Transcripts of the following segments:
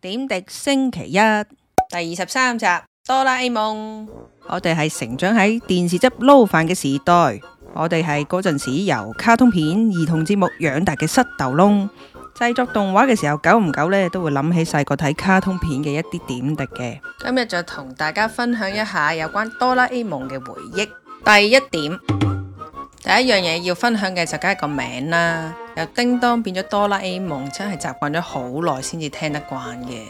點滴星期一第二十三集《哆啦 A 夢》，我哋係成長喺電視汁撈飯嘅時代，我哋係嗰陣時由卡通片、兒童節目養大嘅失斗窿。製作動畫嘅時候，久唔久呢，都會諗起細個睇卡通片嘅一啲點滴嘅。今日就同大家分享一下有關《哆啦 A 夢》嘅回憶。第一點，第一樣嘢要分享嘅就梗係個名啦。由叮噹變咗哆啦 A 夢，真係習慣咗好耐先至聽得慣嘅。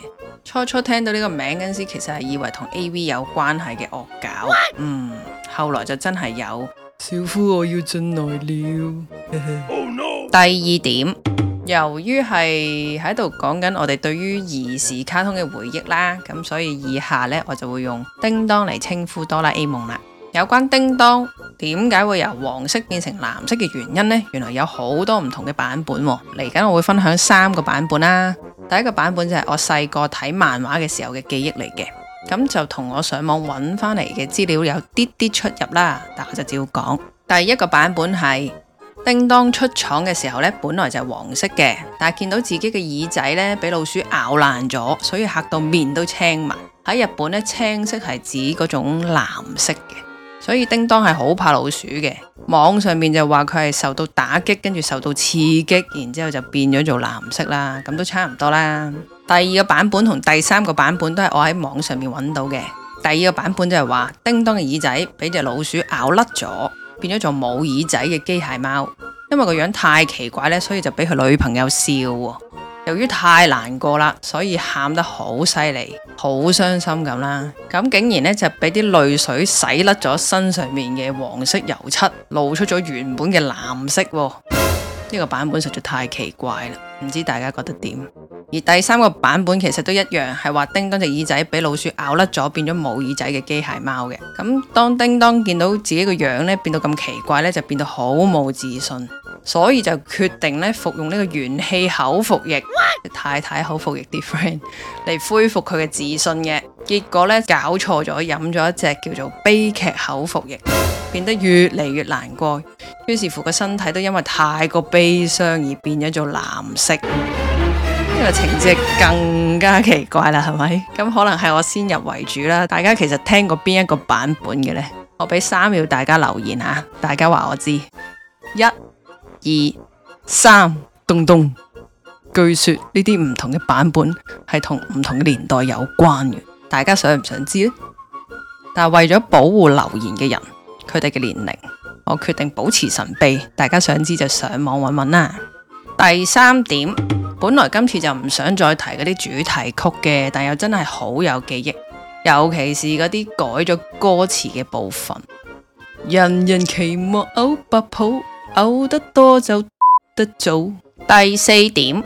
初初聽到呢個名嗰時，其實係以為同 AV 有關係嘅惡搞。麼嗯，後來就真係有。小夫我要進來了。 oh, no. 第二點，由於係喺度講緊我哋對於兒時卡通嘅回憶啦，咁所以以下呢，我就會用叮噹嚟稱呼哆啦 A 夢啦。有關叮噹。點解會由黃色變成藍色嘅原因呢？原來有好多唔同嘅版本哦，嚟緊我會分享三個版本啦。第一個版本就係我細個睇漫畫嘅時候嘅記憶嚟嘅，咁就同我上網揾翻嚟嘅資料有啲啲出入啦，但係我就照講。第一個版本係叮當出廠嘅時候呢，本來就係黃色嘅，但係見到自己嘅耳仔呢，俾老鼠咬爛咗，所以吓到面都青埋。喺日本呢，青色係指嗰種藍色嘅。所以叮當係好怕老鼠嘅，網上面就話佢係受到打擊，跟住受到刺激，然之後就變咗做藍色啦，咁都差唔多啦。第二個版本同第三個版本都係我喺網上面揾到嘅。第二個版本就係話叮當嘅耳仔俾隻老鼠咬甩咗，變咗做冇耳仔嘅機械貓，因為個樣太奇怪呢，所以就俾佢女朋友笑。由於太難過啦，所以喊得好犀利，好傷心咁啦。咁竟然呢，就俾啲淚水洗甩咗身上面嘅黃色油漆，露出咗原本嘅藍色。呢 個版本實在太奇怪啦，唔知大家覺得點？而第三個版本其實都一樣，係話叮當隻耳仔俾老鼠咬甩咗，變咗冇耳仔嘅機械貓嘅。咁當叮當見到自己個樣呢，變到咁奇怪呢，就變到好冇自信。所以就決定咧服用呢個元氣口服液，What? 太太口服液啲 friend 嚟恢復佢嘅自信嘅，結果咧搞錯咗，飲咗一隻叫做悲劇口服液，變得越嚟越難過，於是乎個身體都因為太過悲傷而變咗做藍色。呢個情節更加奇怪啦，係咪？咁可能係我先入為主啦。大家其實聽過邊一個版本嘅呢？我俾三秒大家留言吓、啊，大家話我知一。二三咚咚，據說呢啲唔同嘅版本係同唔同嘅年代有關嘅，大家想唔想知呢？但係為咗保護留言嘅人，佢哋嘅年齡，我決定保持神秘。大家想知就上網揾揾啦。第三點，本來今次就唔想再提嗰啲主題曲嘅，但又真係好有記憶，尤其是嗰啲改咗歌詞嘅部分。人人期望歐八浦。哦嘔得多就得早。第四點，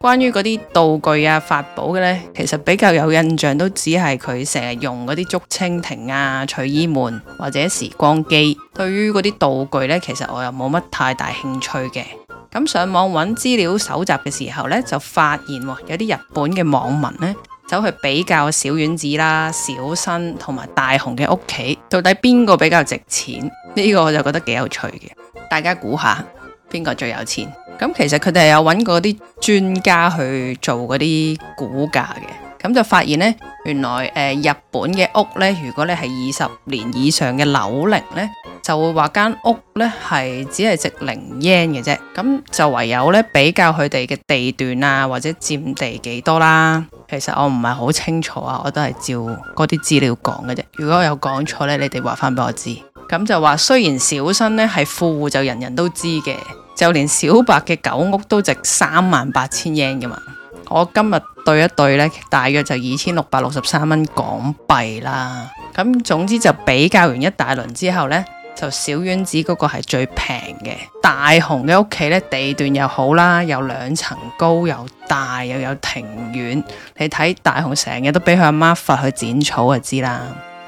關於嗰啲道具啊、法寶嘅呢，其實比較有印象都只係佢成日用嗰啲竹蜻蜓啊、隨意門或者時光機。對於嗰啲道具呢，其實我又冇乜太大興趣嘅。咁上網揾資料搜集嘅時候呢，就發現、哦、有啲日本嘅網民呢，走去比較小丸子啦、小新同埋大雄嘅屋企，到底邊個比較值錢？呢個我就覺得幾有趣嘅。大家估下邊個最有錢？咁其實佢哋有揾過啲專家去做嗰啲估價嘅，咁就發現呢，原來誒、呃、日本嘅屋呢，如果你係二十年以上嘅樓齡呢，就會話間屋呢係只係值零 yen 嘅啫。咁就唯有呢，比較佢哋嘅地段啊，或者佔地幾多啦、啊。其實我唔係好清楚啊，我都係照嗰啲資料講嘅啫。如果我有講錯呢，你哋話翻俾我知。咁就話，雖然小新呢係富戶，就人人都知嘅，就連小白嘅狗屋都值三萬八千英噶嘛。我今日對一對呢，大約就二千六百六十三蚊港幣啦。咁總之就比較完一大輪之後呢，就小丸子嗰個係最平嘅。大雄嘅屋企呢，地段又好啦，有兩層高又大，又有庭院。你睇大雄成日都俾佢阿媽罰去剪草就知啦。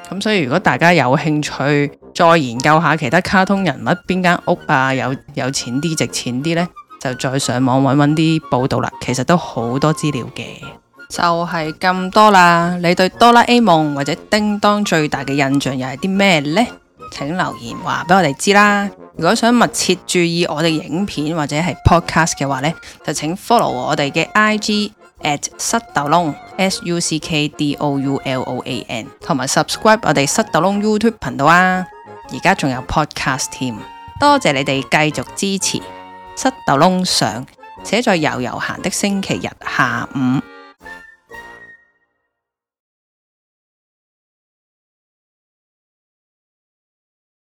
咁所以如果大家有興趣，再研究下其他卡通人物邊間屋啊，有有錢啲、值錢啲呢，就再上網揾揾啲報道啦。其實都好多資料嘅，就係咁多啦。你對哆啦 A 夢或者叮當最大嘅印象又係啲咩呢？請留言話俾我哋知啦。如果想密切注意我哋影片或者係 podcast 嘅話呢，就請 follow 我哋嘅 IG at suck doulong s u c k d o u l o a n，同埋 subscribe 我哋 Suck Doulong YouTube 頻道啊。而家仲有 podcast 添，多謝你哋繼續支持，塞豆窿上，寫在悠悠閒的星期日下午。